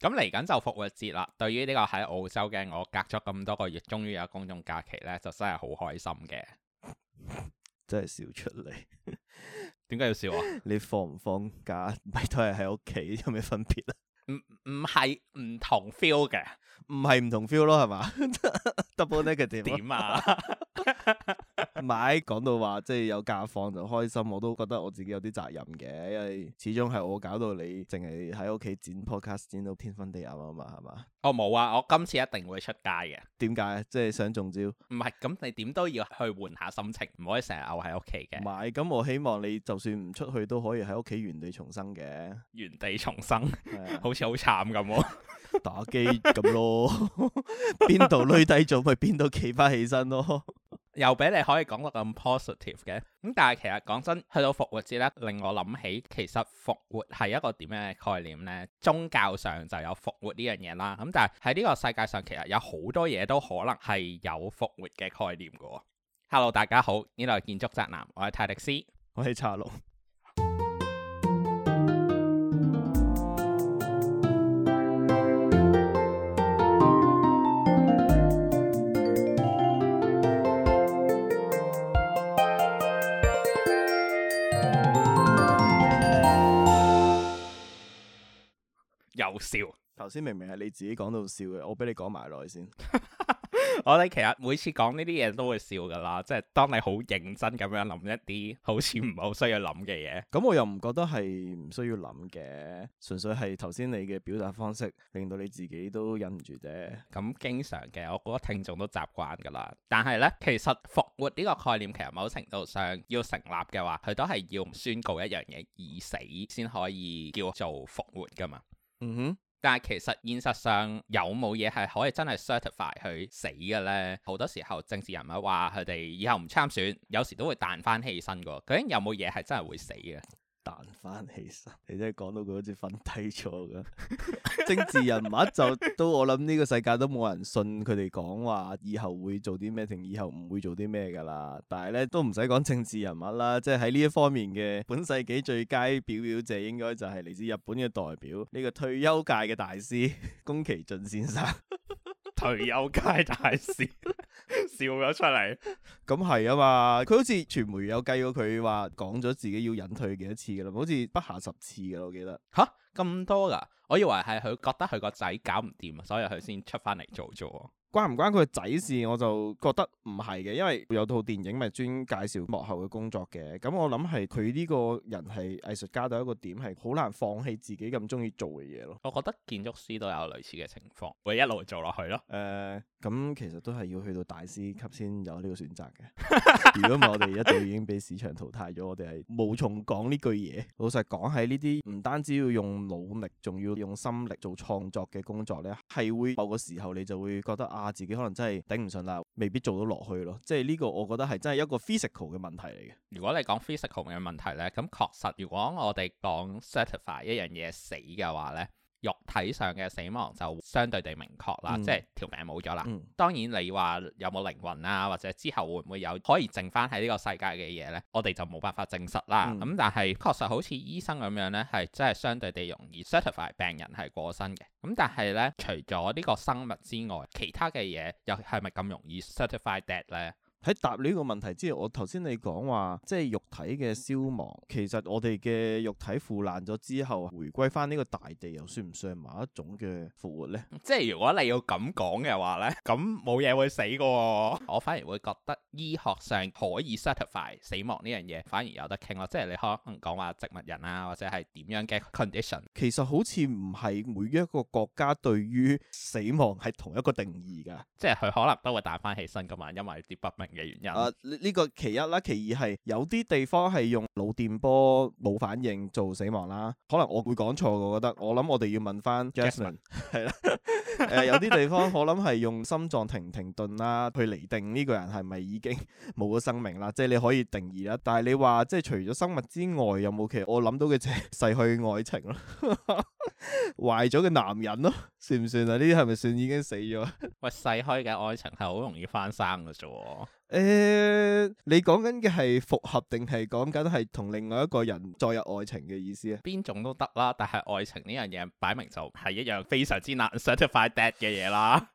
咁嚟緊就復活節啦，對於呢個喺澳洲嘅我，隔咗咁多個月，終於有公眾假期咧，就真係好開心嘅，真係笑出嚟。點 解要笑啊？你放唔放假，咪都係喺屋企，有咩分別啊？唔唔係唔同 feel 嘅，唔係唔同 feel 咯，係嘛 ？Double negative neg 呢個 點啊？ 咪講到話，即係有假放就開心，我都覺得我自己有啲責任嘅，因為始終係我搞到你淨係喺屋企剪 Podcast 剪到天昏地暗啊嘛，係嘛？我冇、哦、啊，我今次一定會出街嘅。點解？即係想中招？唔係咁，你點都要去換下心情，唔可以成日喺屋企嘅。咪咁我希望你就算唔出去都可以喺屋企原地重生嘅。原地重生，好似好慘咁，打機咁咯。邊度累低咗咪邊度企返起身咯。又俾你可以講得咁 positive 嘅，咁但係其實講真，去到復活節咧，令我諗起其實復活係一個點樣嘅概念呢？宗教上就有復活呢樣嘢啦，咁但係喺呢個世界上，其實有好多嘢都可能係有復活嘅概念嘅喎。Hello，大家好，呢度係建築宅男，我係泰迪斯，我係查龍。頭先明明係你自己講到笑嘅，我俾你講埋落先。 我哋其實每次講呢啲嘢都會笑噶啦，即係當你好認真咁樣諗一啲好似唔係好需要諗嘅嘢，咁我又唔覺得係唔需要諗嘅，純粹係頭先你嘅表達方式令到你自己都忍唔住啫。咁經常嘅，我覺得聽眾都習慣噶啦。但係呢，其實復活呢個概念，其實某程度上要成立嘅話，佢都係要宣告一樣嘢已死先可以叫做復活噶嘛。嗯哼。但係其實現實上有冇嘢係可以真係 certify 去死嘅咧？好多時候政治人物話佢哋以後唔參選，有時都會彈翻起身個。究竟有冇嘢係真係會死嘅？彈翻起身，你真係講到佢好似瞓低咗噶。政治人物就都我諗呢個世界都冇人信佢哋講話以後會做啲咩定以後唔會做啲咩噶啦。但係咧都唔使講政治人物啦，即係喺呢一方面嘅本世紀最佳表表者，應該就係嚟自日本嘅代表呢個退休界嘅大師宮崎駿先生。佢有街大事，笑咗出嚟、嗯，咁係啊嘛！佢好似傳媒有計過佢話講咗自己要引退幾多次噶啦，好似不下十次噶啦，我記得。吓咁、啊、多噶，我以為係佢覺得佢個仔搞唔掂，所以佢先出翻嚟做咗。 關唔關佢個仔事？我就覺得唔係嘅，因為有套電影咪專介紹幕後嘅工作嘅。咁我諗係佢呢個人係藝術家到一個點係好難放棄自己咁中意做嘅嘢咯。我覺得建築師都有類似嘅情況，會一路做落去咯。誒、呃，咁其實都係要去到大師級先有呢個選擇嘅。如果唔係我哋一度已經俾市場淘汰咗， 我哋係無從講呢句嘢。老實講，喺呢啲唔單止要用努力，仲要用心力做創作嘅工作咧，係會某個時候你就會覺得啊～話自己可能真係頂唔順啦，未必做到落去咯。即係呢個我覺得係真係一個 physical 嘅問題嚟嘅。如果你講 physical 嘅問題咧，咁確實，如果我哋講 certify 一樣嘢死嘅話咧。肉體上嘅死亡就相對地明確啦，嗯、即係條命冇咗啦。嗯、當然你話有冇靈魂啊，或者之後會唔會有可以剩翻喺呢個世界嘅嘢呢？我哋就冇辦法證實啦。咁、嗯嗯、但係確實好似醫生咁樣呢，係真係相對地容易 certify 病人係過身嘅。咁、嗯、但係呢，除咗呢個生物之外，其他嘅嘢又係咪咁容易 certify dead 呢？喺答呢個問題之餘，我頭先你講話即係肉體嘅消亡，其實我哋嘅肉體腐爛咗之後，回歸翻呢個大地，又算唔算係某一種嘅復活呢？即係如果你要咁講嘅話呢，咁冇嘢會死嘅喎，哦。我反而會覺得醫學上可以 certify 死亡呢樣嘢，反而有得傾咯。即係你可能講話植物人啊，或者係點樣嘅 condition，其實好似唔係每一個國家對於死亡係同一個定義㗎。即係佢可能都會彈翻起身㗎嘛，因為啲不明。嘅呢、呃呢個其一啦，其二係有啲地方係用腦電波冇反應做死亡啦。可能我會講錯，我覺得我諗我哋要問翻 Jason 係啦。有啲地方我諗係用心臟停停頓啦去厘定呢個人係咪已經冇咗生命啦？即係你可以定義啦。但係你話即係除咗生物之外，有冇其他？我諗到嘅就係逝去愛情啦。 壞咗嘅男人咯，算唔算啊？呢啲係咪算已經死咗？ 喂，細開嘅愛情係好容易翻生嘅啫。誒、欸，你講緊嘅係復合定係講緊係同另外一個人再有愛情嘅意思啊？邊種都得啦，但係愛情呢樣嘢擺明就係一樣非常之難 certify dead 嘅嘢啦。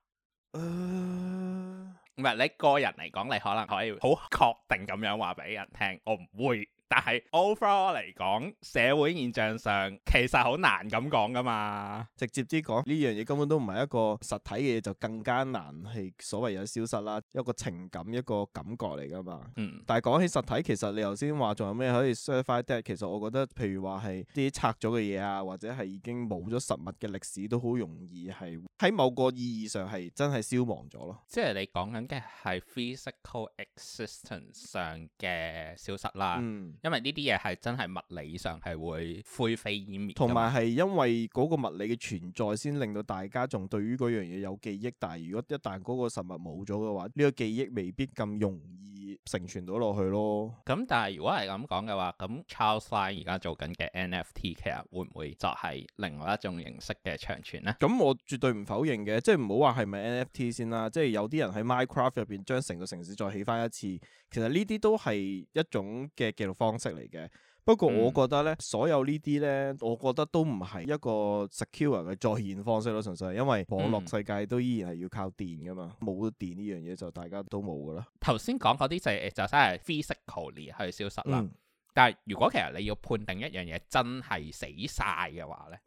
唔係 你個人嚟講，你可能可以好確定咁樣話俾人聽，我唔會。但係 overall 嚟講，社會現象上其實好難咁講噶嘛。直接啲講，呢樣嘢根本都唔係一個實體嘅嘢，就更加難係所謂有消失啦。一個情感、一個感覺嚟噶嘛。嗯。但係講起實體，其實你頭先話仲有咩可以 survive？其實我覺得，譬如話係啲拆咗嘅嘢啊，或者係已經冇咗實物嘅歷史，都好容易係喺某個意義上係真係消亡咗咯。即係你講緊嘅係 physical existence 上嘅消失啦。嗯。嗯。因為呢啲嘢係真係物理上係會灰飛煙滅，同埋係因為嗰個物理嘅存在，先令到大家仲對於嗰樣嘢有記憶。但係如果一旦嗰個實物冇咗嘅話，呢個記憶未必咁容易成存到落去咯。咁但係如果係咁講嘅話，咁 Charlesine 而家做緊嘅 NFT 其實會唔會就係另外一種形式嘅長存呢？咁我絕對唔否認嘅，即係唔好話係咪 NFT 先啦。即係有啲人喺 Minecraft 入邊將成個城市再起翻一次，其實呢啲都係一種嘅記錄方法。方式嚟嘅，不過我覺得咧，嗯、所有呢啲咧，我覺得都唔係一個 secure 嘅再現方式咯，純粹係因為網絡世界都依然係要靠電噶嘛，冇電呢樣嘢就大家都冇噶啦。頭先講嗰啲就係、是、就真係 physically 去消失啦。嗯、但係如果其實你要判定一樣嘢真係死晒嘅話咧，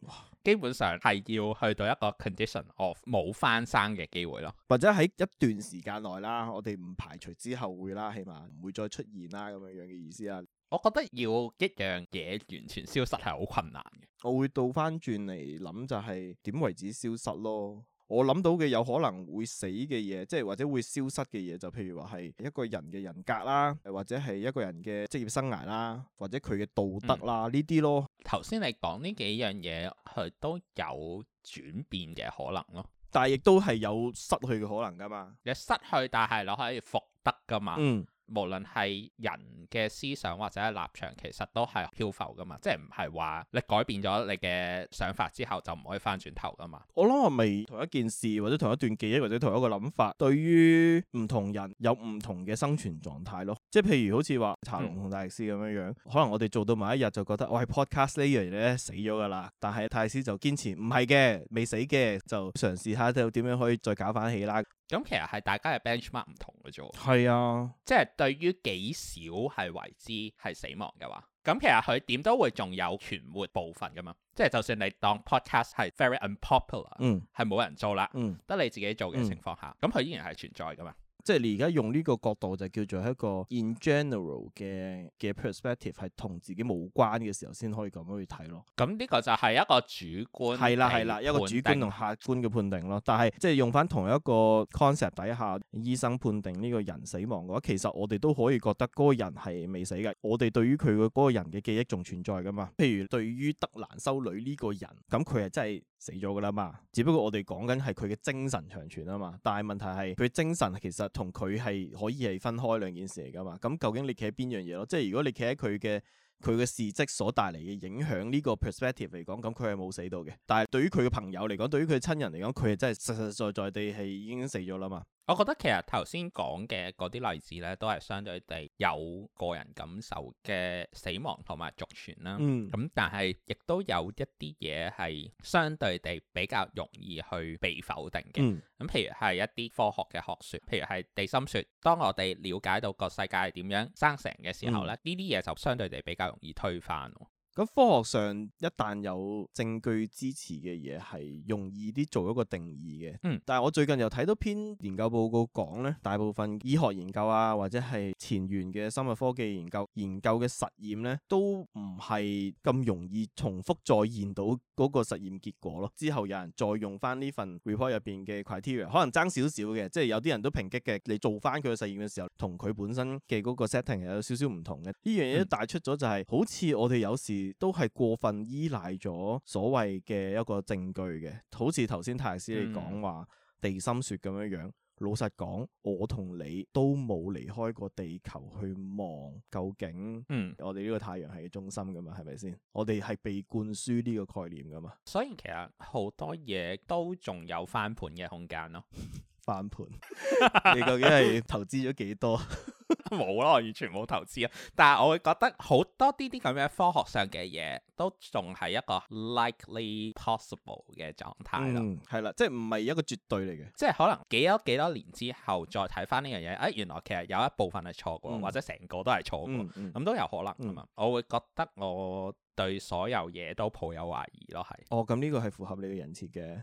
基本上係要去到一個 condition of 冇翻生嘅機會咯。或者喺一段時間內啦，我哋唔排除之後會啦，起碼唔會再出現啦咁樣樣嘅意思啊。我覺得要一樣嘢完全消失係好困難嘅。我會倒翻轉嚟諗就係點為止消失咯。我諗到嘅有可能會死嘅嘢，即係或者會消失嘅嘢，就譬如話係一個人嘅人格啦，或者係一個人嘅職業生涯啦，或者佢嘅道德啦呢啲，嗯，咯。頭先你講呢幾樣嘢，佢都有轉變嘅可能咯。但係亦都係有失去嘅可能噶嘛。你失去，但係你可以復得噶嘛。嗯。無論係人嘅思想或者係立場，其實都係漂浮噶嘛，即係唔係話你改變咗你嘅想法之後就唔可以翻轉頭噶嘛？我諗係咪同一件事或者同一段記憶或者同一個諗法，對於唔同人有唔同嘅生存狀態咯？即係譬如好似話茶龍同大師咁樣樣，嗯、可能我哋做到某一日就覺得我係 podcast 呢樣嘢咧死咗噶啦，但係太師就堅持唔係嘅，未死嘅就嘗試下點樣可以再搞翻起啦。咁其實係大家嘅 benchmark 唔同嘅啫，係啊，即係對於幾少係為之係死亡嘅話，咁其實佢點都會仲有存活部分噶嘛，即係就算你當 podcast 係 very unpopular，嗯，係冇人做啦，嗯，得你自己做嘅情況下，咁佢依然係存在噶嘛。即係你而家用呢個角度就叫做一個 in general 嘅嘅 perspective 係同自己冇關嘅時候先可以咁樣去睇咯。咁呢個就係一個主觀，係啦係啦，一個主觀同客觀嘅判定咯。定但係即係用翻同一個 concept 底下，醫生判定呢個人死亡嘅話，其實我哋都可以覺得嗰個人係未死嘅。我哋對於佢嘅嗰個人嘅記憶仲存在㗎嘛？譬如對於德蘭修女呢個人，咁佢係真係死咗㗎啦嘛。只不過我哋講緊係佢嘅精神長存啊嘛。但係問題係佢精神其實，同佢係可以係分開兩件事嚟㗎嘛？咁究竟你企喺邊樣嘢咯？即係如果你企喺佢嘅佢嘅事蹟所帶嚟嘅影響呢個 perspective 嚟講，咁佢係冇死到嘅。但係對於佢嘅朋友嚟講，對於佢嘅親人嚟講，佢係真係實實在在地係已經死咗啦嘛。我覺得其實頭先講嘅嗰啲例子咧，都係相對地有個人感受嘅死亡同埋續存啦、啊。咁、嗯、但係亦都有一啲嘢係相對地比較容易去被否定嘅。咁譬、嗯、如係一啲科學嘅學說，譬如係地心說。當我哋了解到個世界係點樣生成嘅時候咧，呢啲嘢就相對地比較容易推翻。咁科學上一旦有證據支持嘅嘢，係容易啲做一個定義嘅。嗯，但係我最近又睇到篇研究報告講咧，大部分醫學研究啊，或者係前沿嘅生物科技研究研究嘅實驗咧，都唔係咁容易重複再現到嗰個實驗結果咯。之後有人再用翻呢份 report 入邊嘅 criteria，可能爭少少嘅，即係有啲人都抨擊嘅，你做翻佢嘅實驗嘅時候，同佢本身嘅嗰個 setting 係有少少唔同嘅。呢樣嘢都帶出咗就係、是，嗯、好似我哋有時。都係過分依賴咗所謂嘅一個證據嘅，好似頭先泰勒斯你講話、嗯、地心說咁樣樣。老實講，我同你都冇離開過地球去望究竟，我哋呢個太陽係中心噶嘛？係咪先？我哋係被灌輸呢個概念噶嘛？所以其實好多嘢都仲有翻盤嘅空間咯。 翻盤？ 你究竟係投資咗幾多？ 冇咯， 完全冇投資啊！但係我會覺得好多啲啲咁嘅科學上嘅嘢都仲係一個 likely possible 嘅狀態咯，係啦、嗯，即係唔係一個絕對嚟嘅，即係可能幾多幾多年之後再睇翻呢樣嘢，誒、哎，原來其實有一部分係錯嘅，嗯、或者成個都係錯嘅，咁、嗯嗯、都有可能噶嘛？嗯、我會覺得我對所有嘢都抱有懷疑咯，係。哦，咁呢個係符合你嘅人設嘅。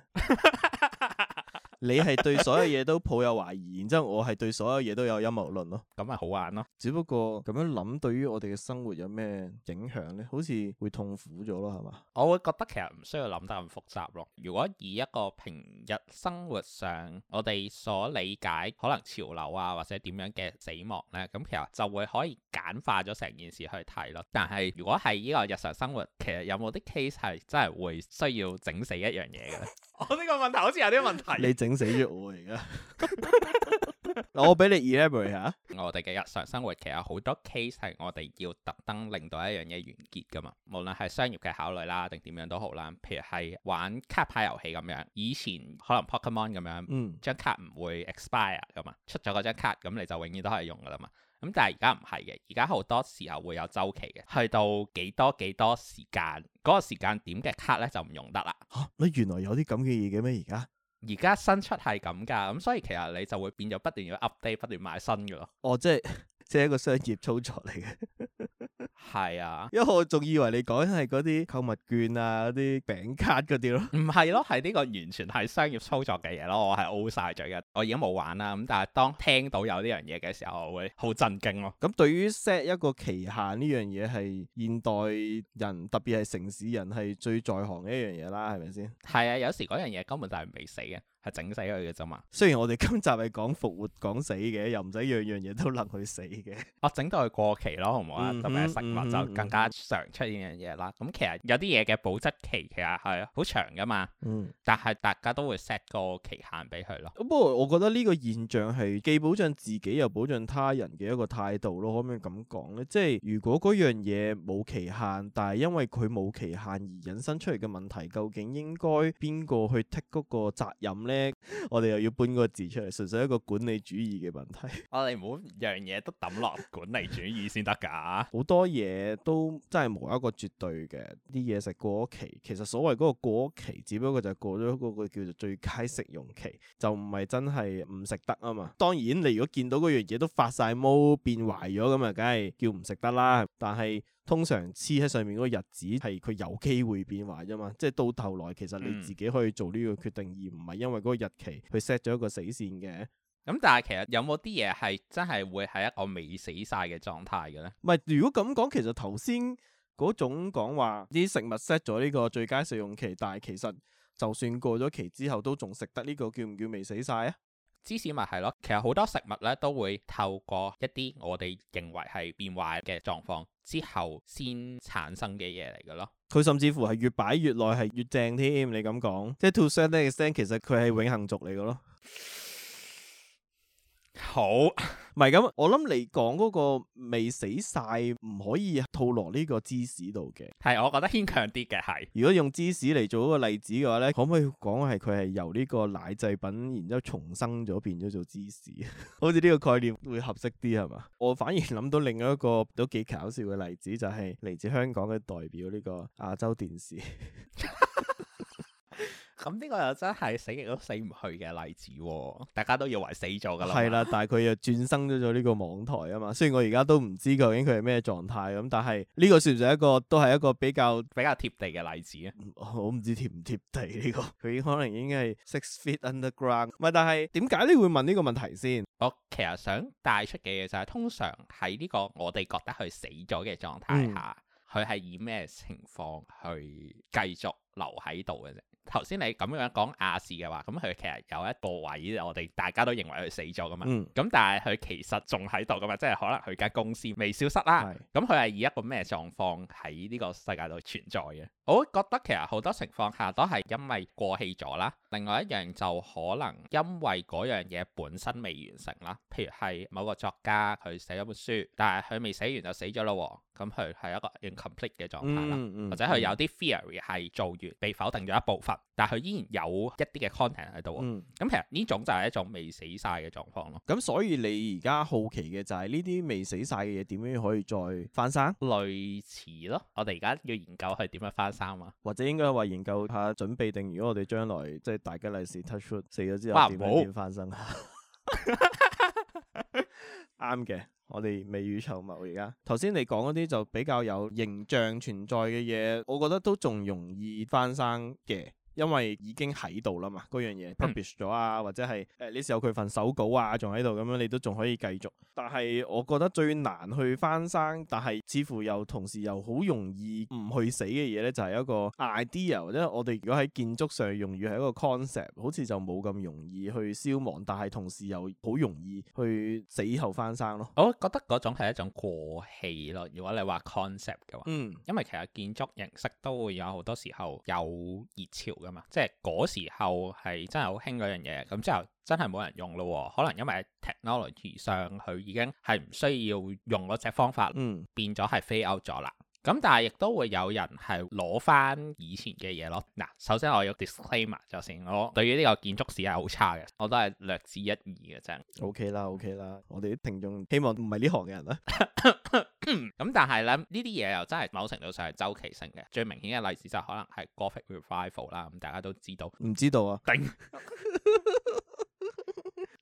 你係對所有嘢都抱有懷疑，然之後我係對所有嘢都有陰謀論咯，咁咪好玩咯。只不過咁樣諗，對於我哋嘅生活有咩影響呢？好似會痛苦咗咯，係嘛？我會覺得其實唔需要諗得咁複雜咯。如果以一個平日生活上我哋所理解，可能潮流啊或者點樣嘅死亡呢，咁其實就會可以簡化咗成件事去睇咯。但係如果係呢個日常生活，其實有冇啲 case 係真係會需要整死一樣嘢嘅呢？ 我呢個問題好似有啲問題，你整死咗我而家。我俾你 elaborate 下，我哋嘅日常生活其實好多 case 係我哋要特登令到一樣嘢完結噶嘛。無論係商業嘅考慮啦，定點樣都好啦。譬如係玩卡牌遊戲咁樣，以前可能 Pokemon、ok、咁樣，嗯，張卡唔會 expire 噶嘛，嗯、出咗嗰張卡咁，你就永遠都可以用噶啦嘛。咁但係而家唔係嘅，而家好多時候會有周期嘅，去到幾多幾多少時間嗰、那個時間點嘅卡咧就唔用得啦。嚇、啊！你原來有啲咁嘅嘢嘅咩？而家而家新出係咁噶，咁所以其實你就會變咗不斷要 update、不斷買新嘅咯。哦，即係即係一個商業操作嚟嘅。 係啊，因為我仲以為你講係嗰啲購物券啊、嗰啲餅卡嗰啲咯，唔係咯，係呢個完全係商業操作嘅嘢咯，我係 o 晒嘴嘅，我而家冇玩啦。咁但係當聽到有呢樣嘢嘅時候，我會好震驚咯、啊。咁對於 set 一個期限呢樣嘢，係現代人特別係城市人係最在行嘅一樣嘢啦，係咪先？係啊，有時嗰樣嘢根本就係未死嘅。係整死佢嘅啫嘛，雖然我哋今集係講復活、講死嘅，又唔使樣樣嘢都能佢死嘅。啊，整到佢過期咯，好唔好啊？特別食物就更加常出現樣嘢啦。咁其實有啲嘢嘅保質期其實係好長噶嘛。嗯。但係大家都會 set 個期限俾佢咯。咁、嗯、不過我覺得呢個現象係既保障自己又保障他人嘅一個態度咯，可唔可以咁講咧？即係如果嗰樣嘢冇期限，但係因為佢冇期限而引申出嚟嘅問題，究竟應該邊個去剔嗰個責任？咧，我哋又要搬個字出嚟，純粹一個管理主義嘅問題。我哋唔好樣嘢都抌落管理主義先得噶好多嘢都真係冇一個絕對嘅。啲嘢食過期，其實所謂嗰個過期，只不過就過咗嗰個叫做最佳食用期，就唔係真係唔食得啊嘛。當然，你如果見到嗰樣嘢都發晒毛變壞咗，咁啊，梗係叫唔食得啦。但係，通常黐喺上面嗰個日子係佢有機會變壞啫嘛，即係到頭來其實你自己可以做呢個決定，嗯、而唔係因為嗰個日期去 set 咗一個死線嘅。咁、嗯、但係其實有冇啲嘢係真係會喺一個未死晒嘅狀態嘅咧？唔係，如果咁講，其實頭先嗰種講話啲食物 set 咗呢個最佳食用期，但係其實就算過咗期之後都仲食得呢個叫唔叫未死晒？啊？芝士咪係咯，其實好多食物咧都會透過一啲我哋認為係變壞嘅狀況之後先產生嘅嘢嚟噶咯。佢甚至乎係越擺越耐係越正添。你咁講，即係 to some extent，其實佢係永恆族嚟噶咯。好，唔係咁，我諗你講嗰個未死晒唔可以套落呢個芝士度嘅，係我覺得牽強啲嘅係。如果用芝士嚟做一個例子嘅話呢，可唔可以講係佢係由呢個奶製品，然之後重生咗變咗做芝士， 好似呢個概念會合適啲係嘛？我反而諗到另一個都幾搞笑嘅例子，就係、是、嚟自香港嘅代表呢個亞洲電視。 咁呢、嗯這個又真係死亦都死唔去嘅例子、哦，大家都以為死咗噶啦。係啦，但係佢又轉生咗咗呢個網台啊嘛。雖然我而家都唔知究竟佢係咩狀態咁，但係呢個算唔算一個都係一個比較比較貼地嘅例子咧、嗯？我唔知貼唔貼地呢、這個，佢可能已經係 six feet underground。唔係，但係點解你會問呢個問題先？我其實想帶出嘅嘢就係、是，通常喺呢個我哋覺得佢死咗嘅狀態下，佢係、嗯、以咩情況去繼續留喺度嘅啫？頭先你咁樣講亞視嘅話，咁佢其實有一個位，我哋大家都認為佢死咗噶嘛。咁、嗯、但係佢其實仲喺度噶嘛，即係可能佢間公司未消失啦。咁佢係以一個咩狀況喺呢個世界度存在嘅？我覺得其實好多情況下都係因為過氣咗啦。另外一樣就可能因為嗰樣嘢本身未完成啦。譬如係某個作家佢寫咗本書，但係佢未寫完就死咗咯。咁佢係一個 incomplete 嘅狀態啦，嗯嗯、或者佢有啲 theory 係做完被否定咗一部分。但佢依然有一啲嘅 content 喺度啊，咁其實呢種就係一種未死晒嘅狀況咯。咁、嗯、所以你而家好奇嘅就係呢啲未死晒嘅嘢點樣可以再翻生？類似咯，我哋而家要研究係點樣翻生啊？ 或者應該係話研究下準備定，如果我哋將來即係、就是、大吉利是 touch，fruit，死咗之後點、呃、ど LEGO? 樣翻生啊？啱嘅，我哋未雨綢繆。而家。頭先你講嗰啲就比較有形象存在嘅嘢，我覺得都仲容易翻生嘅。因為已經喺度啦嘛，嗰樣嘢 publish 咗啊，嗯、或者係誒呢時候佢份手稿啊仲喺度咁樣，你都仲可以繼續。但係我覺得最難去翻生，但係似乎又同時又好容易唔去死嘅嘢咧，就係一個 idea，或者我哋如果喺建築上用語係一個 concept，好似就冇咁容易去消亡，但係同時又好容易去死後翻生咯。我覺得嗰種係一種過氣咯。如果你話 concept 嘅話，嗯，因為其實建築形式都會有好多時候有熱潮嘅。即係嗰時候係真係好興嗰樣嘢，咁之後真係冇人用咯、啊。可能因為 technology 上佢已經係唔需要用嗰隻方法，嗯、變咗係非歐咗啦。咁但係亦都會有人係攞翻以前嘅嘢咯。嗱，首先我要 disclaimer 咗先，我對於呢個建築史係好差嘅，我都係略知一二嘅啫，okay。OK 啦，OK 啦，我哋啲聽眾希望唔係、 嗯、呢行嘅人啦。咁但係咧，呢啲嘢又真係某程度上係周期性嘅。最明顯嘅例子就可能係 Gothic Revival 啦，咁大家都知道，唔知道啊？頂叮，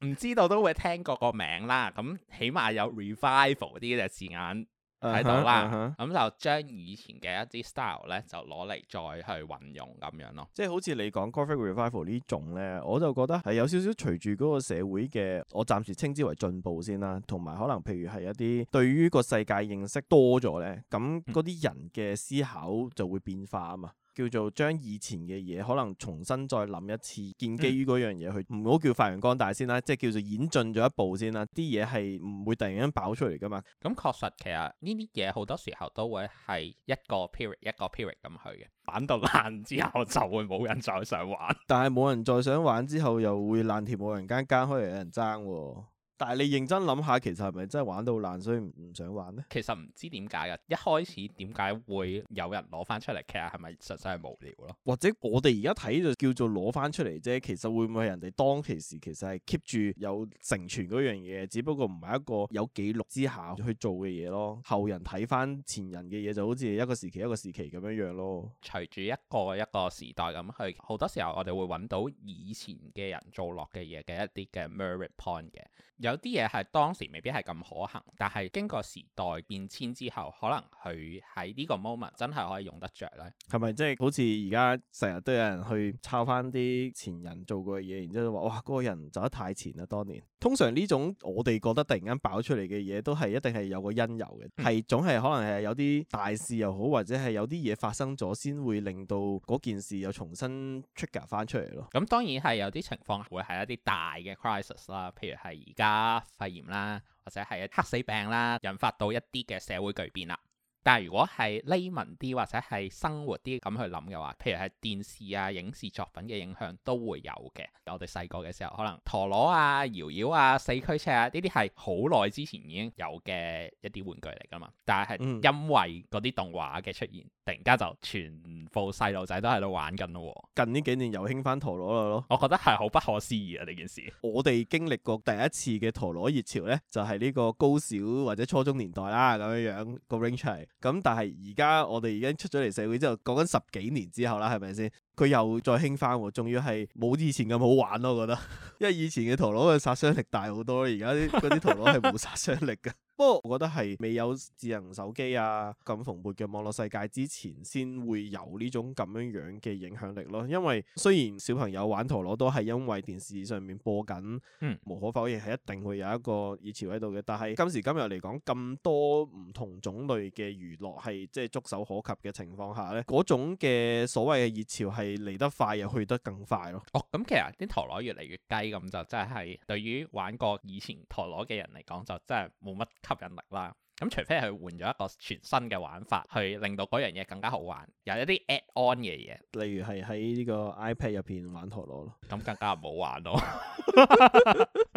唔 知道都會聽過個名啦。咁、嗯、起碼有 Revival 呢啲字眼。睇到啦，咁、uh huh。就將以前嘅一啲 style 咧，就攞嚟再去運用咁樣咯。即係好似你講 cosmetic revival 呢種咧，我就覺得係有少少隨住嗰個社會嘅，我暫時稱之為進步先啦。同埋可能譬如係一啲對於個世界認識多咗咧，咁嗰啲人嘅思考就會變化啊嘛。叫做將以前嘅嘢可能重新再諗一次，建基於嗰樣嘢去，唔好、嗯、叫發揚光大先啦，即係叫做演進咗一步先啦。啲嘢係唔會突然間爆出嚟㗎嘛。咁確實其實呢啲嘢好多時候都會係一個 period 一個 period 咁去嘅。玩到爛之後就會冇人再想玩， 但係冇人再想玩之後又會爛鐵冇人間間開嚟有人爭喎。但係你認真諗下，其實係咪真係玩到爛，所以唔想玩呢？其實唔知點解噶，一開始點解會有人攞翻出嚟？其實係咪實在係無聊咯？或者我哋而家睇就叫做攞翻出嚟啫？其實會唔會人哋當其時其實係 keep 住有成全嗰樣嘢？只不過唔係一個有紀錄之下去做嘅嘢咯。後人睇翻前人嘅嘢，就好似一個時期一個時期咁樣樣咯。隨住一個一個時代咁去，好多時候我哋會揾到以前嘅人做落嘅嘢嘅一啲嘅 merit point 嘅。有啲嘢係當時未必係咁可行，但係經過時代變遷之後可能佢喺呢個 moment 真係可以用得着咧。係咪即係好似而家成日都有人去抄翻啲前人做過嘅嘢，然之後話哇、嗰個人走得太前啦，當年通常呢種我哋覺得突然間爆出嚟嘅嘢，都係一定係有個因由嘅，係、嗯、總係可能係有啲大事又好，或者係有啲嘢發生咗先會令到件事又重新 trigger 翻出嚟咯。咁當然係有啲情況會係一啲大嘅 crisis 啦，譬如係而家。啊肺炎啦，或者係黑死病啦，引發到一啲嘅社會巨變啦。但係如果係 layman 啲或者係生活啲咁去諗嘅話，譬如係電視啊、影視作品嘅影響都會有嘅。我哋細個嘅時候，可能陀螺啊、搖搖啊、四驅車啊，呢啲係好耐之前已經有嘅一啲玩具嚟噶嘛。但係因為嗰啲動畫嘅出現，嗯、突然間就全部細路仔都喺度玩緊咯、哦。近呢幾年又興翻陀螺咯，我覺得係好不可思議啊！呢件事我哋經歷過第一次嘅陀螺熱潮咧，就係、是、呢個高小或者初中年代啦，咁樣樣個 range 嚟。咁但係而家我哋而家出咗嚟社會之後，講緊十幾年之後啦，係咪先？佢又再興返喎，仲要係冇以前咁好玩咯，我覺得。 因為以前嘅陀螺嘅殺傷力大好多，而家啲嗰啲陀螺係冇殺傷力嘅。 不過我覺得係未有智能手機啊咁蓬勃嘅網絡世界之前，先會有呢種咁樣樣嘅影響力咯。因為雖然小朋友玩陀螺都係因為電視上面播緊，嗯，無可否認係一定會有一個熱潮喺度嘅。但係今時今日嚟講，咁多唔同種類嘅娛樂係即係觸手可及嘅情況下，呢嗰種嘅所謂嘅熱潮係嚟得快又去得更快咯。哦，咁其實啲陀螺越嚟越雞咁，就真係對於玩過以前陀螺嘅人嚟講，就真係冇乜吸引力啦，咁除非係換咗一個全新嘅玩法，去令到嗰樣嘢更加好玩，有一啲 add on 嘅嘢，例如係喺呢個 iPad 入邊玩陀螺咯，咁更加唔好玩咯，啊。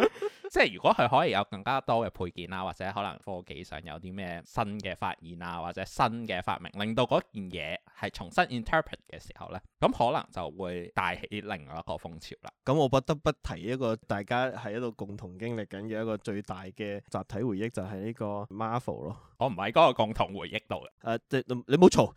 即係如果佢可以有更加多嘅配件啊，或者可能科技上有啲咩新嘅發現啊，或者新嘅發明，令到嗰件嘢係重新 interpret 嘅時候咧，咁可能就會帶起另外一個風潮啦。咁我不得不提一個大家喺度共同經歷緊嘅一個最大嘅集體回憶就，就係呢個 Marvel 咯。我唔喺嗰個共同回憶度嘅。誒、uh，你你冇嘈。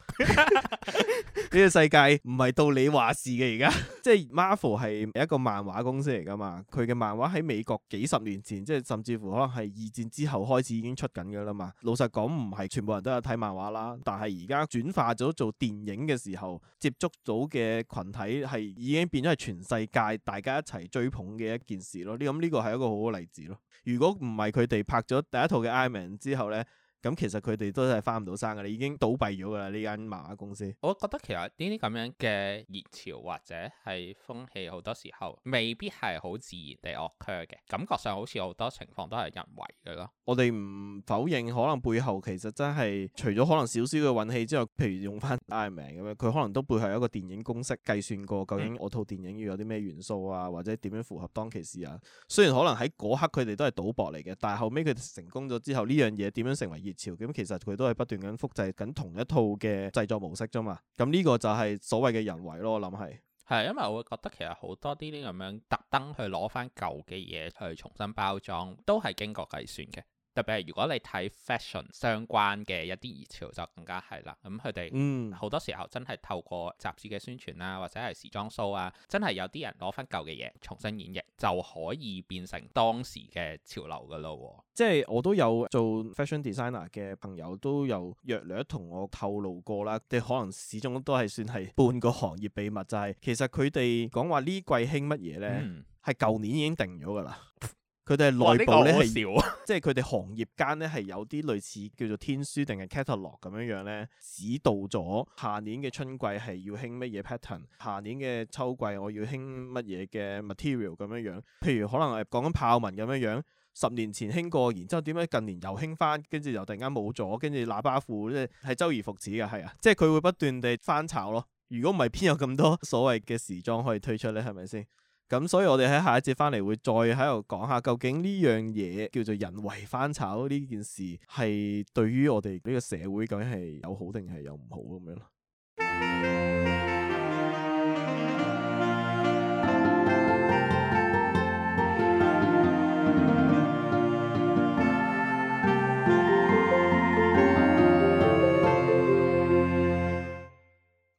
呢個世界唔係到你話事嘅，而家即係 Marvel 係一個漫畫公司嚟㗎嘛。佢嘅漫畫喺美國幾十年前即係甚至乎可能係二戰之後開始已經出緊嘅啦嘛。老實講唔係全部人都有睇漫畫啦，但係而家轉化咗做電影嘅時候，接觸到嘅群體係已經變咗係全世界大家一齊追捧嘅一件事咯。咁呢個係一個好好例子咯。如果唔係佢哋拍咗第一套嘅 Iron Man 之後呢。咁其實佢哋都係翻唔到生噶啦，已經倒閉咗噶啦，呢間漫畫公司。我覺得其實呢啲咁樣嘅熱潮或者係風氣，好多時候未必係好自然地 occur 嘅，感覺上好似好多情況都係人為嘅咯。我哋唔否認可能背後其實真係除咗可能少少嘅運氣之外，譬如用翻打人名咁樣，佢可能都背後有一個電影公式計算過究竟、嗯、我套電影要有啲咩元素啊，或者點樣符合當其時啊。雖然可能喺嗰刻佢哋都係賭博嚟嘅，但係後尾佢成功咗之後呢樣嘢點樣成為熱？咁其實佢都係不斷咁複製緊同一套嘅製作模式啫嘛，咁呢個就係所謂嘅人為咯，我諗係。係，因為我會覺得其實好多啲啲咁樣特登去攞翻舊嘅嘢去重新包裝，都係經過計算嘅。特別係如果你睇 fashion 相關嘅一啲熱潮就更加係啦，咁佢哋好多時候真係透過雜誌嘅宣傳啦、啊，或者係時裝 show 啊，真係有啲人攞翻舊嘅嘢重新演繹，就可以變成當時嘅潮流噶啦。即係我都有做 fashion designer 嘅朋友都有約略同我透露過啦，佢可能始終都係算係半個行業秘密，就係其實佢哋講話呢季興乜嘢呢？係舊年已經定咗噶啦。佢哋係內部咧係，這個、即係佢哋行業間咧係有啲類似叫做天書定係 catalog 咁樣樣咧，指導咗下年嘅春季係要興乜嘢 pattern，下年嘅秋季我要興乜嘢嘅 material 咁樣樣。譬如可能誒講緊豹紋咁樣樣，十年前興過，然之後點解近年又興翻，跟住又突然間冇咗，跟住喇叭褲即係周而復始嘅，係啊，即係佢會不斷地翻炒咯。如果唔係，邊有咁多所謂嘅時裝可以推出咧？係咪先？咁、嗯、所以，我哋喺下一節翻嚟會再喺度講下，究竟呢樣嘢叫做人為翻炒呢件事，係對於我哋呢個社會究竟係有好定係有唔好咁樣。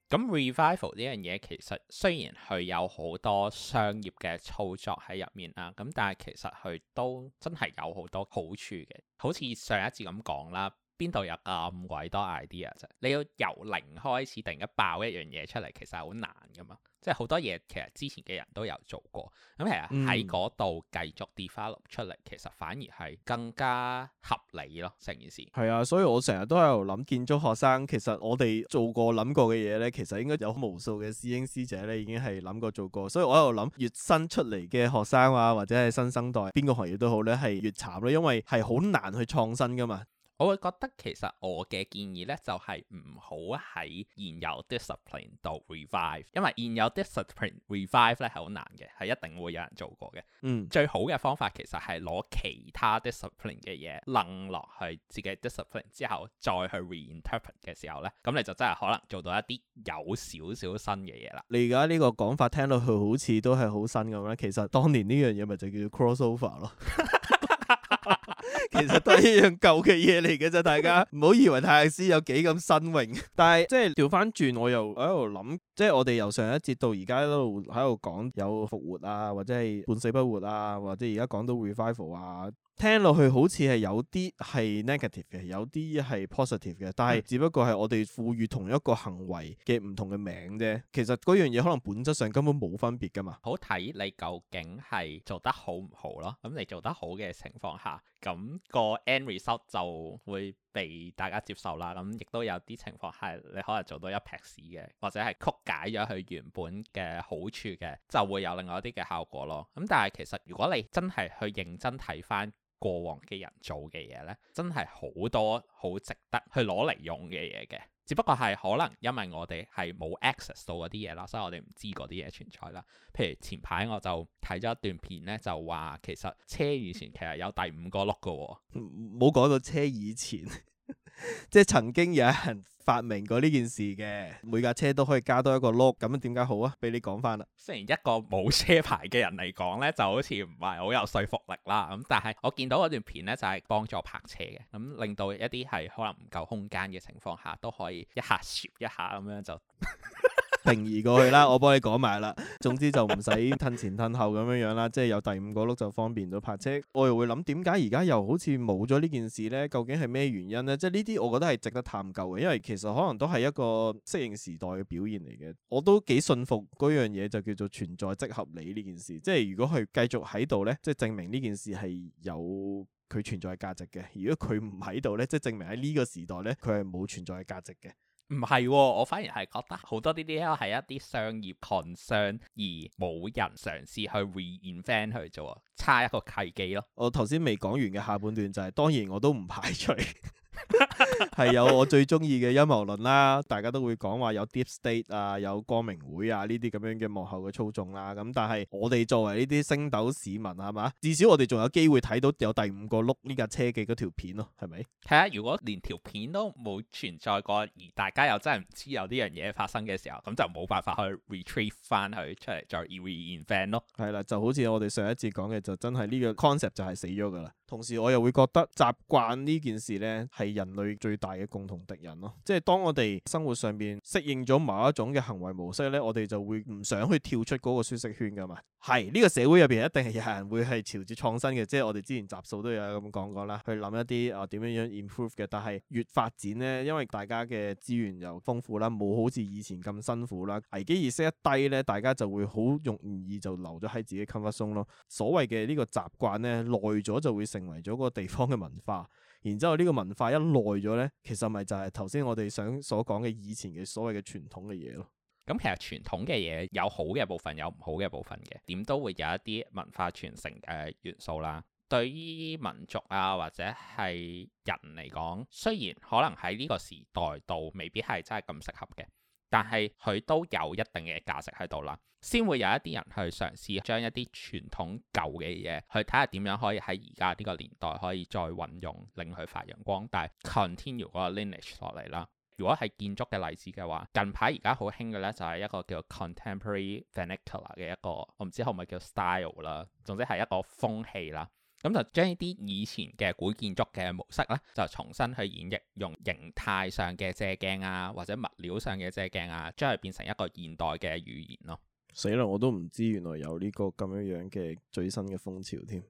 咁 revival 呢樣嘢，其實雖然佢有好多商業嘅操作喺入面啦，咁但係其實佢都真係有好多好處嘅，好似上一次咁講啦。邊度有咁鬼多 idea 啫？你要由零開始，突然一爆一樣嘢出嚟，其實係好難噶嘛。即係好多嘢，其實之前嘅人都有做過。咁其實喺嗰度繼續 develop 出嚟，嗯、其實反而係更加合理咯。成件事係啊，所以我成日都喺度諗，建築學生其實我哋做過諗過嘅嘢咧，其實應該有無數嘅師兄師姐咧已經係諗過做過。所以我喺度諗，越新出嚟嘅學生啊，或者係新生代，邊個行業都好咧，係越慘咯，因為係好難去創新噶嘛。我會覺得其實我嘅建議咧就係唔好喺現有 discipline 度 revive，因為現有 discipline revive 咧係好難嘅，係一定會有人做過嘅。嗯，最好嘅方法其實係攞其他 discipline 嘅嘢掹落去自己 discipline 之後再去 reinterpret 嘅時候咧，咁你就真係可能做到一啲有少少新嘅嘢啦。你而家呢個講法聽到佢好似都係好新咁咧，其實當年呢樣嘢咪就叫做 crossover 咯。 其實都係一樣舊嘅嘢嚟嘅啫，大家唔好以為泰勒斯有幾咁新穎。 但係即係調翻轉，我又喺度諗，即係我哋由上一節到而家一路喺度講有復活啊，或者係半死不活啊，或者而家講到 revival 啊。聽落去好似係有啲係 negative 嘅，有啲係 positive 嘅，但係只不過係我哋賦予同一個行為嘅唔同嘅名啫。其實嗰樣嘢可能本質上根本冇分別噶嘛。好睇你究竟係做得好唔好咯。咁你做得好嘅情況下，咁個 end result 就會被大家接受啦。咁亦都有啲情況係你可能做到一撇屎嘅，或者係曲解咗佢原本嘅好處嘅，就會有另外一啲嘅效果咯。咁但係其實如果你真係去認真睇翻。過往嘅人做嘅嘢咧，真係好多好值得去攞嚟用嘅嘢嘅，只不過係可能因為我哋係冇 access 到嗰啲嘢啦，所以我哋唔知嗰啲嘢存在啦。譬如前排我就睇咗一段片咧，就話其實車以前其實有第五個轆噶喎，冇講到車以前。 即係曾經有人發明過呢件事嘅，每架車都可以加多一個轆，咁樣點解好啊？俾你講翻啦。雖然一個冇車牌嘅人嚟講呢，就好似唔係好有說服力啦。咁但係我見到嗰段片呢，就係、是、幫助泊車嘅，咁、嗯、令到一啲係可能唔夠空間嘅情況下，都可以一下攝一下咁樣就。 定義過去啦，我幫你講埋啦。總之就唔使褪前褪後咁樣樣啦，即係有第五個轆就方便到泊車。我又會諗點解而家又好似冇咗呢件事呢？究竟係咩原因呢？即係呢啲，我覺得係值得探究嘅，因為其實可能都係一個適應時代嘅表現嚟嘅。我都幾信服嗰樣嘢就叫做存在即合理呢件事。即係如果佢繼續喺度呢，即係證明呢件事係有佢存在嘅價值嘅。如果佢唔喺度呢，即係證明喺呢個時代呢，佢係冇存在嘅價值嘅。唔係，我反而係覺得好多呢啲係一啲商業 concern，而冇人嘗試去 reinvent 去做，啊，差一個契機咯。我頭先未講完嘅下半段就係、是，當然我都唔排除。 係 有我最中意嘅陰謀論啦，大家都會講話有 deep state 啊，有光明會啊呢啲咁樣嘅幕後嘅操縱啦。咁但係我哋作為呢啲星斗市民係嘛，至少我哋仲有機會睇到有第五個碌呢架車嘅嗰條片咯，係咪？睇下如果連條片都冇存在過，而大家又真係唔知有呢樣嘢發生嘅時候，咁就冇辦法去 retrieve 翻佢出嚟再 reinvent 咯。係啦，就好似我哋上一次講嘅，就真係呢個 concept 就係死咗噶啦。同時，我又會覺得習慣呢件事咧，係人類最大嘅共同敵人咯。即係當我哋生活上面適應咗某一種嘅行為模式呢，我哋就會唔想去跳出嗰個舒適圈㗎嘛。係呢個社會入邊，一定係有人會係朝住創新嘅，即係我哋之前集數都有咁講過啦，去諗一啲啊點樣樣 improve 嘅。但係越發展呢，因為大家嘅資源又豐富啦，冇好似以前咁辛苦啦。危機意識一低呢，大家就會好容易就留咗喺自己 comfort zone 咯。所謂嘅呢個習慣呢，耐咗就會成為咗個地方嘅文化。然之後呢個文化一耐咗呢，其實咪就係頭先我哋想所講嘅以前嘅所謂嘅傳統嘅嘢咯。咁其實傳統嘅嘢有好嘅部分，有唔好嘅部分嘅，點都會有一啲文化傳承嘅元素啦。對於民族啊或者係人嚟講，雖然可能喺呢個時代度未必係真係咁適合嘅，但係佢都有一定嘅價值喺度啦。先會有一啲人去嘗試將一啲傳統舊嘅嘢去睇下點樣可以喺而家呢個年代可以再運用，令佢發揚光大，continue 嗰個 lineage 落嚟啦。如果係建築嘅例子嘅話，近排而家好興嘅咧，就係、是、一個叫 contemporary vernacular 嘅一個，我唔知可唔可以叫 style 啦。總之係一個風氣啦。咁、嗯、就將一啲以前嘅古建築嘅模式咧，就重新去演繹，用形態上嘅借鏡啊，或者物料上嘅借鏡啊，將佢變成一個現代嘅語言咯。死啦！我都唔知原來有呢個咁樣樣嘅最新嘅風潮添。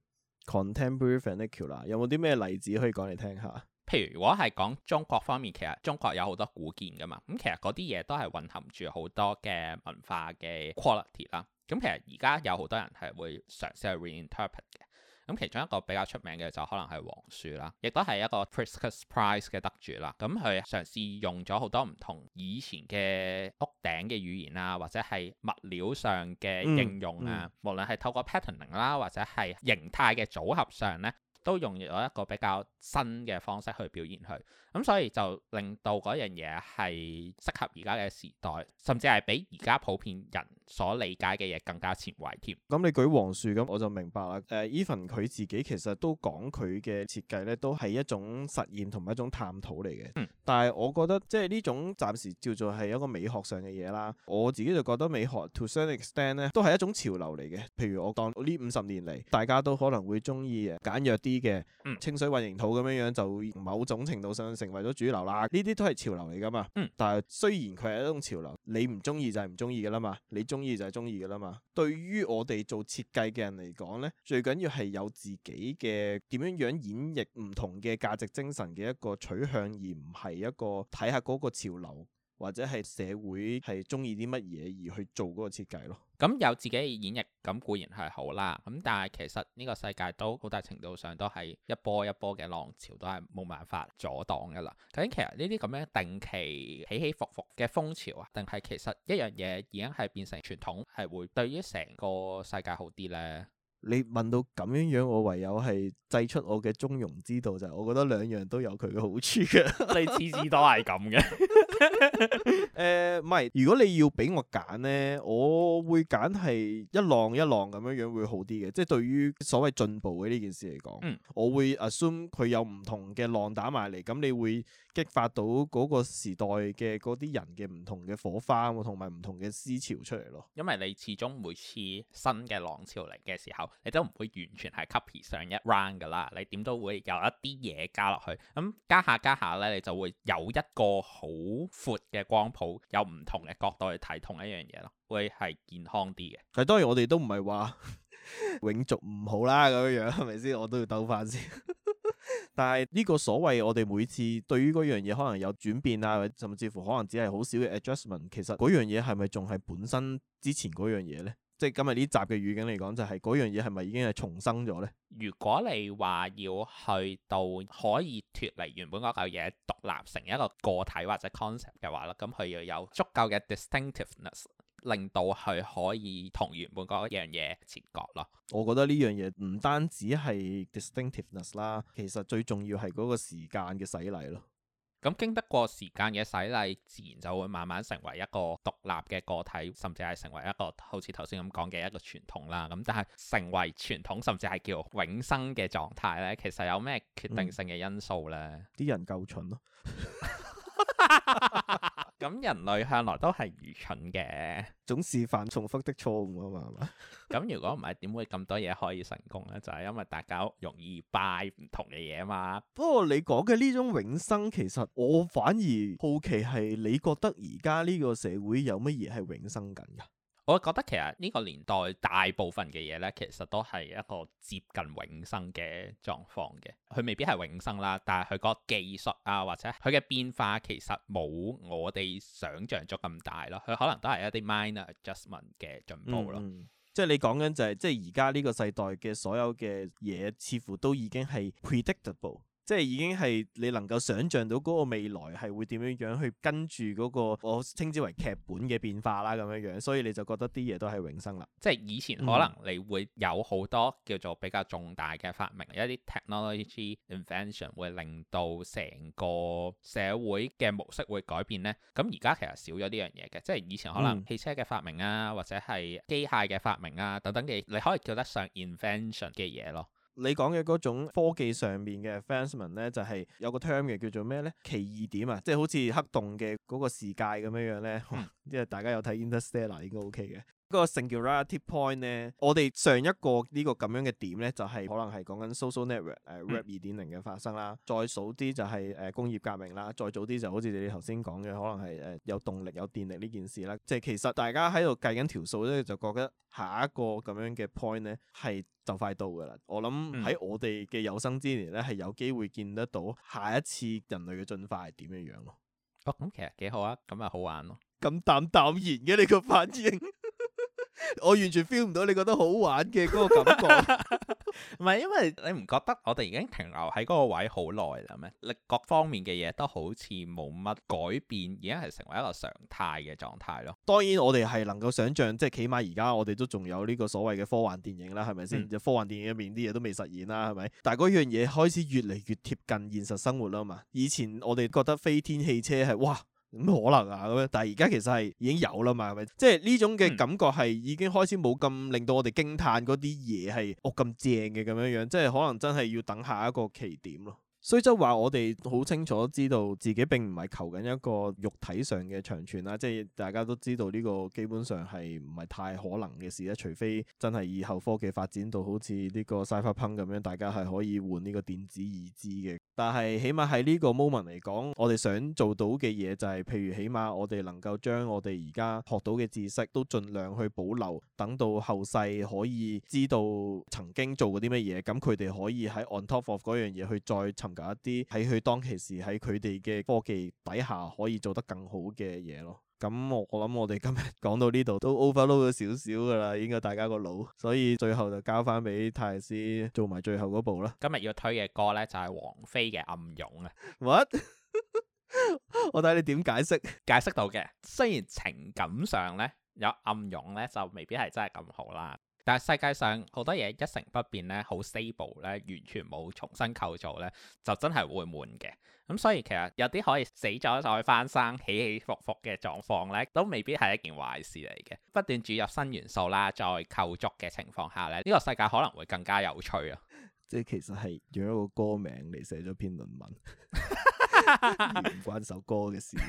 contemporary vernacular 有冇啲咩例子可以講嚟聽下？譬如如果係講中國方面，其實中國有好多古建噶嘛，咁其實嗰啲嘢都係蘊含住好多嘅文化嘅 quality 啦。咁其實而家有好多人係會嘗試去 reinterpret 嘅。咁其中一個比較出名嘅就可能係王澍啦，亦都係一個 Pritzker Prize 嘅得主啦。咁佢嘗試用咗好多唔同以前嘅屋頂嘅語言啊，或者係物料上嘅應用啊，無論係透過 patterning 啦，或者係、嗯嗯、形態嘅組合上咧。都用咗一個比較新嘅方式去表現佢，咁所以就令到嗰樣嘢係適合而家嘅時代，甚至係比而家普遍人所理解嘅嘢更加前衛添。咁你舉黃樹咁，我就明白啦。誒，Even 佢自己其實都講佢嘅設計咧，都係一種實驗同埋一種探討嚟嘅。嗯。但係我覺得即係呢種暫時叫做係一個美學上嘅嘢啦。我自己就覺得美學 to some extent 咧，都係一種潮流嚟嘅。譬如我當呢五十年嚟，大家都可能會中意簡約啲嘅清水混凝土咁樣樣，就某種程度上成為咗主流啦。呢啲都係潮流嚟噶嘛。嗯。但係雖然佢係一種潮流，你唔中意就係唔中意嘅啦嘛。你中意就係中意噶啦嘛。對於我哋做設計嘅人嚟講呢，最緊要係有自己嘅點樣樣演繹唔同嘅價值精神嘅一個取向，而唔係一個睇下嗰個潮流或者係社會係中意啲乜嘢而去做嗰個設計咯。咁有自己嘅演繹咁固然係好啦，咁但係其實呢個世界都好大程度上都係一波一波嘅浪潮，都係冇辦法阻擋噶啦。究竟其實呢啲咁樣定期起起伏伏嘅風潮啊，定係其實一樣嘢已經係變成傳統，係會對於成個世界好啲呢？你問到咁樣樣，我唯有係祭出我嘅中庸之道就係、是，我覺得兩樣都有佢嘅好處嘅。 你次次都係咁嘅。誒 呃，唔係，如果你要俾我揀呢，我會揀係一浪一浪咁樣樣會好啲嘅。即、就、係、是、對於所謂進步嘅呢件事嚟講，嗯、我會 assume 佢有唔同嘅浪打埋嚟，咁你會激發到嗰個時代嘅嗰啲人嘅唔同嘅火花，同埋唔同嘅思潮出嚟咯。因為你始終每次新嘅浪潮嚟嘅時候，你都唔會完全係 copy 上一 round 噶啦，你點都會有一啲嘢加落去，咁加下加下咧，你就會有一個好闊嘅光譜，有唔同嘅角度去睇同一樣嘢咯，會係健康啲嘅。但係當然我哋都唔係話永續唔好啦，咁樣係咪先？我都要兜翻先。但係呢個所謂我哋每次對於嗰樣嘢可能有轉變啊，甚至乎可能只係好少嘅 adjustment，其實嗰樣嘢係咪仲係本身之前嗰樣嘢咧？即係今日呢集嘅語境嚟講，就係嗰樣嘢係咪已經係重生咗咧？如果你話要去到可以脫離原本嗰嚿嘢，獨立成一個個體或者 concept 嘅話啦，咁佢要有足夠嘅 distinctiveness，令到佢可以同原本嗰樣嘢切割啦。我覺得呢樣嘢唔單止係 distinctiveness 啦，其實最重要係嗰個時間嘅洗禮咯。咁經得過時間嘅洗禮，自然就會慢慢成為一個獨立嘅個體，甚至係成為一個好似頭先咁講嘅一個傳統啦。咁但係成為傳統，甚至係叫永生嘅狀態呢，其實有咩決定性嘅因素呢？啲、嗯、人夠蠢咯！ 咁人類向來都係愚蠢嘅，總是犯重複的錯誤啊嘛，係嘛，咁 如果唔係點會咁多嘢可以成功咧？就係、是、因為大家容易拜唔同嘅嘢啊嘛。不過、哦、你講嘅呢種永生，其實我反而好奇係你覺得而家呢個社會有乜嘢係永生緊噶？我覺得其實呢個年代大部分嘅嘢呢，其實都係一個接近永生嘅狀況嘅。佢未必係永生啦，但係佢個技術啊，或者佢嘅變化其實冇我哋想象咗咁大咯。佢可能都係一啲 minor adjustment 嘅進步咯。即係你講緊就係，即係而家呢個世代嘅所有嘅嘢，似乎都已經係 predictable。即係已經係你能夠想像到嗰個未來係會點樣樣，去跟住嗰個我稱之為劇本嘅變化啦咁樣樣，所以你就覺得啲嘢都係永生啦。即係以前可能你會有好多叫做比較重大嘅發明，嗯、一啲 technology invention 會令到成個社會嘅模式會改變咧。咁而家其實少咗呢樣嘢嘅，即係以前可能汽車嘅發明啊，嗯、或者係機械嘅發明啊等等嘅，你可以叫得上 invention 嘅嘢咯。你講嘅嗰種科技上面嘅 advancement 咧，就係有個 term 嘅叫做咩咧？奇異點啊，即係好似黑洞嘅嗰個視界咁樣樣咧，因為、嗯、 大家有睇 Interstellar 應該 OK 嘅。個 singularity point 咧，我哋上一個，這個這呢個咁樣嘅點咧，就係、是、可能係講緊 social network 唉，web 二點零嘅發生啦。再早啲就係誒工業革命啦，再早啲就好似你哋頭先講嘅，可能係誒有動力、有電力呢件事啦。即係其實大家喺度計緊條數咧，就覺得下一個咁樣嘅 point 咧係就快到噶啦。我諗喺我哋嘅有生之年咧，係有機會見得到下一次人類嘅進化係點樣樣咯、啊。哦，咁、嗯、其實幾好啊，咁啊好玩咯、啊。咁淡淡然嘅、啊、你個反應？ 我完全 feel 唔到你覺得好玩嘅嗰個感覺，唔係因為你唔覺得我哋已經停留喺嗰個位好耐啦咩？你各方面嘅嘢都好似冇乜改變，而家係成為一個常態嘅狀態咯。當然我哋係能夠想象，即係起碼而家我哋都仲有呢個所謂嘅科幻電影啦，係咪先？就，嗯，科幻電影入面啲嘢都未實現啦，係咪？但係嗰樣嘢開始越嚟越貼近現實生活啦嘛。以前我哋覺得飛天汽車係哇。咁可能啊咁樣，但係而家其實係已經有啦嘛，係咪？即係呢種嘅感覺係已經開始冇咁令到我哋驚嘆嗰啲嘢係哦咁正嘅咁樣樣，即係可能真係要等下一個奇點咯。所以即係話，我哋好清楚知道自己並唔係求緊一個肉體上嘅長存啦。即係大家都知道呢個基本上係唔係太可能嘅事咧，除非真係以後科技發展到好似呢個 cyberpunk 咁樣，大家係可以換呢個電子義肢嘅。但係起碼喺呢個 moment 嚟講，我哋想做到嘅嘢就係、是，譬如起碼我哋能夠將我哋而家學到嘅知識都盡量去保留，等到後世可以知道曾經做過啲乜嘢，咁佢哋可以喺 on top of 嗰樣嘢去再尋。搞一啲喺佢當其時喺佢哋嘅科技底下可以做得更好嘅嘢咯。咁我我諗我哋今日講到呢度都 overload 咗少少噶啦，應該大家個腦。所以最後就交翻俾泰斯做埋最後嗰步啦。今日要推嘅歌咧就係王菲嘅暗湧啊。What？ 我睇你點解釋？解釋到嘅，雖然情感上咧有暗湧咧，就未必係真係咁好啦。但係世界上好多嘢一成不變咧，好 stable 咧，完全冇重新構造咧，就真係會悶嘅。咁所以其實有啲可以死咗再翻生、起起伏伏嘅狀況咧，都未必係一件壞事嚟嘅。不斷注入新元素啦，再構築嘅情況下咧，呢個世界可能會更加有趣啊！即係其實係用一個歌名嚟寫咗篇論文，唔 關首歌嘅事。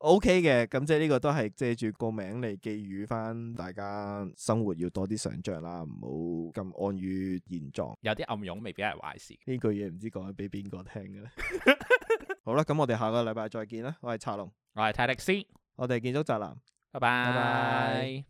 O K 嘅，咁、okay、即係呢個都係借住個名嚟寄語返大家生活要多啲想象啦，唔好咁安於現狀，有啲暗湧未必係壞事。呢句嘢唔知講俾邊個聽嘅咧。 好啦，咁我哋下個禮拜再見啦。我係查龍，我係泰迪斯，我哋建築宅男，拜拜 bye。Bye bye